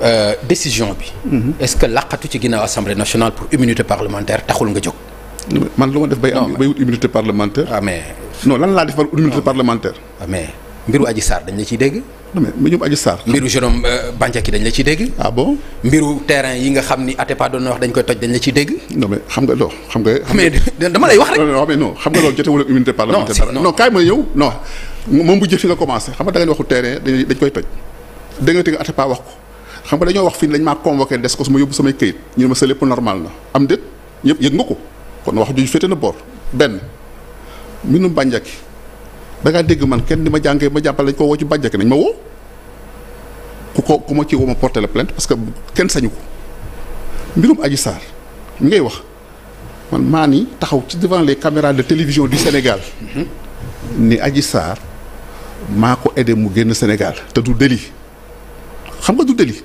Euh, décision bi. Mm est-ce que laqatu ci ginnaaw assemblée nationale pour immunité parlementaire taxul nga jóg. man lu ma def bay am bay wut immunité parlementaire. Ah, lan laa defar immunité parlementaire. ah mais mbiru Adji Sarr dañ la ciy dégg. non mais ñoom Adji Sarr. mbiru Jérôme euh, Bandiaky dañ la ciy dégg. ah bon mbiru terrain yi nga xam ni Atepa doon na wax dañ koy toj dañ la ciy dégg. non mais xam nga loo xam nga. mais dama lay wax rek. non mais non xam nga loolu jotewul ak immunité parlementaire. fi nga commencé xam nga da ngeen waxu terrain dañ koy toj dégg nga Atepa wax ko xam nga dañoo wax fii lañ maa convoqué des ko su ma yóbbu samay këyit ñu ne ma sa lépp normal na am déet ñëpp yëg nga ko kon wax jooju féete na boor benn mbindum bànjaki da ngaa dégg man kenn di ma jàngee ma jàppale dañ ko woo ci nañ ma woo ku ko ku ma ci woo ma porté la parce que kenn sañu ko mbirum Adji Sarr mi ngay wax man maa ni taxaw ci devant les de télévision di Sénégal mhm. ni Adji Sarr maa ko aidé mu génn Sénégal te du délit xam nga du délit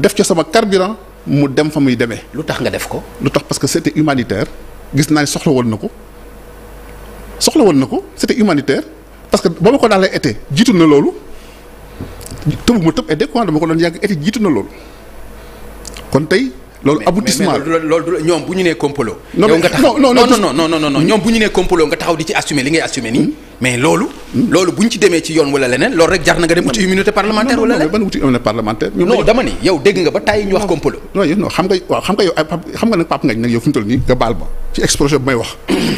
def ca sama carburant mu dem fa muy demee. lu tax nga def ko. lu tax parce que c'était humanitaire gis naa ne soxla woon na ko soxla woon na ko c'était humanitaire parce que ba ma ko daalee été jiitu na loolu tëbu yàgg été jiitu na loolu kon tey. loolu aboutissement la loolu ñoom bu ñu nee complot. non non non non ñoom bu ñu nee complot nga taxaw di ci assumer li ngay assumer nii. Hmm? mais loolu. loolu bu ñu ci demee ci yoon wala leneen loolu rek jar na nga dem uti immunité parlementaire wala leneen. ban uti immunité parlementaire. non dama ni yow dégg nga ba tàyyi ñu wax complot. non non xam xam nga yow xam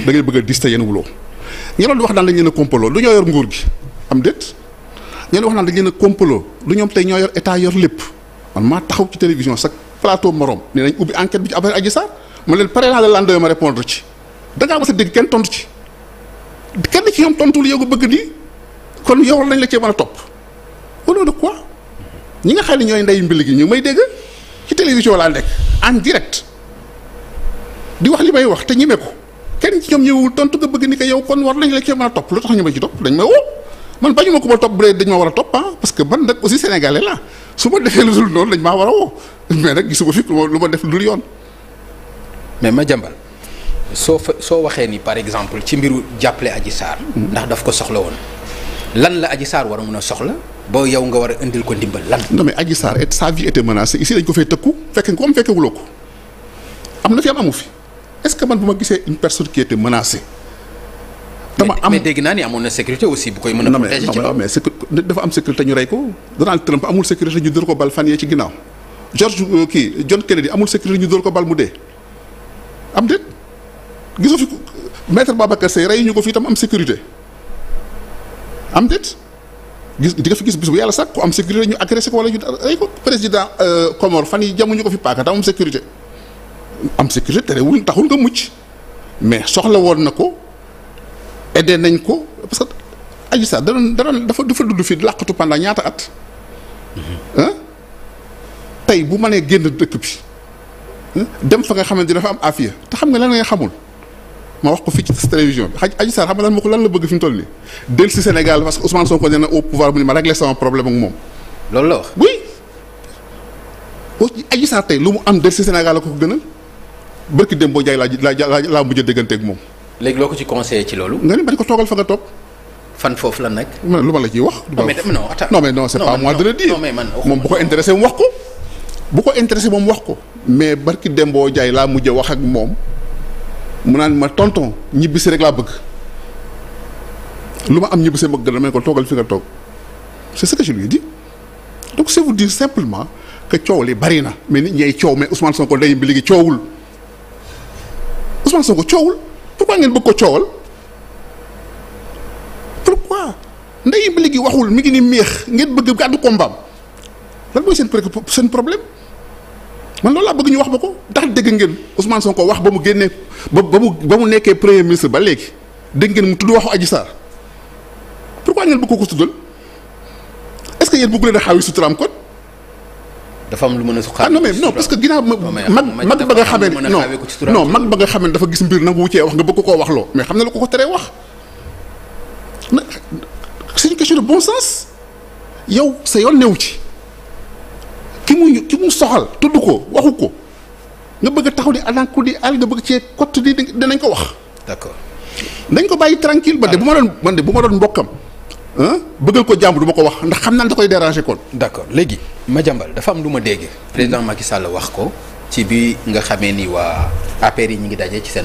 bëgg a dis te wuloo ñu doon wax naan dañu leen a complot lu lu ñoom tey ñoo yor état yor lépp man maa taxaw ci télévision sax plateau morom nee nañ ubbi enquête bi ci affaire Adji Sarr ma leen pare naa la lendemain ma répondre a dégg kenn tontu ci kenn ci ñoom tontul yow nga bëgg nii kon yow lañ la cee man a topp wala de quoi ñi nga xam ne ñooy ndeyu mbili gi ñu may dégg ci télévision laa nekk en direct di wax li may wax te ñeme ko kenn ci ñoom ñëwul tontu nga bëgg ni que yow kon war nañ la cee mën a topp lu tax ñu ma ci topp dañ ma woo man bañu ma ko ma topp bu dee dañ ma war a topp ah parce que man nag aussi sénégalais la su ma defee lu dul noonu dañ maa war a woo mais nag gisuma fi lu ma def lu mais ma jàmbal. soo fa soo waxee ni par exemple ci mbiru jàppale Adji Sarr. ndax daf ko soxla woon lan la Adji Sarr war a mun a soxla ba yow nga war a indil ko ndimbal lan. non mais Adji Sarr sa vie était menacée ici dañ ko fay tëkku fekke ko am fekke wuloo ko am na fi amu fi est-ce que man bu ma gisee une personne qui était menacée. dama am mais dégg naa ni amoon na sécurité aussi bu koy mën a. protéger ci non mais dafa am sécurité ñu rey ko Donald Trump sécurité ñu dóor ko bal fan yee ci ginnaaw George euh, kii John Kennedy amul sécurité ñu dóor ko bal mu dee am déet. gisoo fi maître Babacar Seye rey ñu ko fii tam am sécurité am déet gis di nga fi gis bis bu yàlla sax ku am sécurité ñu agressé ko wala ñu rey ko président euh, Comore fan yi jamuñu ko fi paaka tam am sécurité am sécurité terewul taxul nga mucc mais soxla woon na ko aidé nañ ko parce que Adji Sarr da doon da doon dafa dafa dudd fii làqatu pendant ñaata at mm-hmm. tey bu mënee génn dëkk bi dem fa nga xamante dafa am affaire te xam nga lan nga xamul ma wax ko fii ci télévision bi xaj Adji Sarr xam nga lan ma ko lan la bëgg fi mu nii del si Sénégal parce que Ousmane Sonko nee na pouvoir mu ne ma régler sama problème ak moom. la wax oui. aussi Adji lu mu am del si Sénégal la ko gënal dem boo jaay laa laa laa mujj a déggante ak moom. léegi loo ko ci conseillé ci loolu. nga ni bañ ko toogal fa nga toog. fan foofu la nag. man lu la ciy wax. non mais non attends non mais non c'est pas moi de le dire. non mais man moom bu ko intéressé mu wax ko. bu ko intéressé moom wax ko. mais barki Dembo jaay laa mujj wax ak moom mu naan ma tonton si rek laa bëgg lu ma am ñibbisee ma gën a ko toogal fi nga toog c'est ce que je donc c'est vous simplement que coow li bari na mais nit ñay coow mais Ousmane ko ndeyim bi léegi coowul Ousmane Sonko coowul pourquoi ngeen bëgg ko coowal pourquoi ndeyim bi léegi waxul mi ngi ni méex ngeen bëgg gàddu kombaam lan mooy seen seen problème. man loolu laa bëgg ñu wax ba ko ndax dégg ngeen Ousmane Sonko wax ba mu génnee ba ba mu ba mu nekkee premier ministre ba léegi dégg ngeen mu tudd waxu Adji saa pourquoi ngeen bëgg ko ko tuddal est-ce que yéen bëggu leen a xaawi suturaam kon. dafa am lu mën a xaawi ah mais non parce que ginnaaw mag mag ba nga xamee non non mag ba nga xamee dafa gis mbir nangu wuccee wax nga bëgg koo wax loo mais xam na la ko ko teree wax na c'est une question de bon sens yow sa yoon newu ci. ki mu ki mu soxal tudd ko waxu ko nga bëgg a taxaw di alanku di al nga bëgg cee kott di dinañ ko wax. d'accord dañ ko bàyyi tranquille ba de bu ma doon man de bu ma doon mbokkam. bëggal ko jàmm du ma ko wax ndax xam naa da koy déranger kon. d'accord léegi Madiambal dafa am lu ma dégg. président Macky Sall wax ko ci bi nga xamee ni waa APR yi ñu ngi daje ci seen